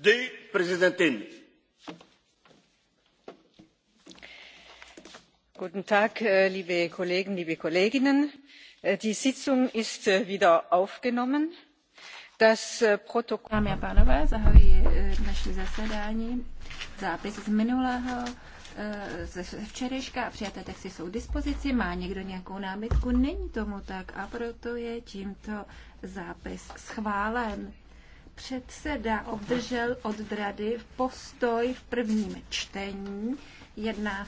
die präsidentin! guten tag äh, liebe kollegen liebe kolleginnen! Äh, die sitzung ist äh, wieder aufgenommen. das protokoll. dámy a pánové zahajuji předseda obdržel od Rady v postoj v prvním čtení. Jedná